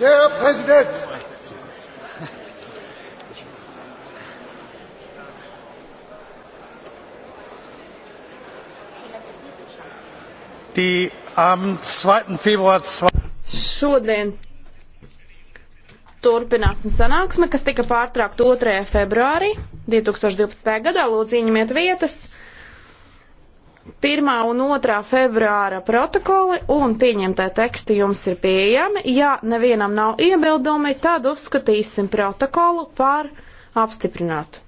Der Präsident! Die am 2. Februar 2. Šodien turpināsim sanāksmi, kas tika pārtraukta 2. februārī 2012. gadā. Lūdzu, ieņemiet vietas! 1. un 2. februāra protokoli un pieņemtā teksti jums ir pieejami. Ja nevienam nav iebildumi, tad uzskatīsim protokolu par apstiprinātu.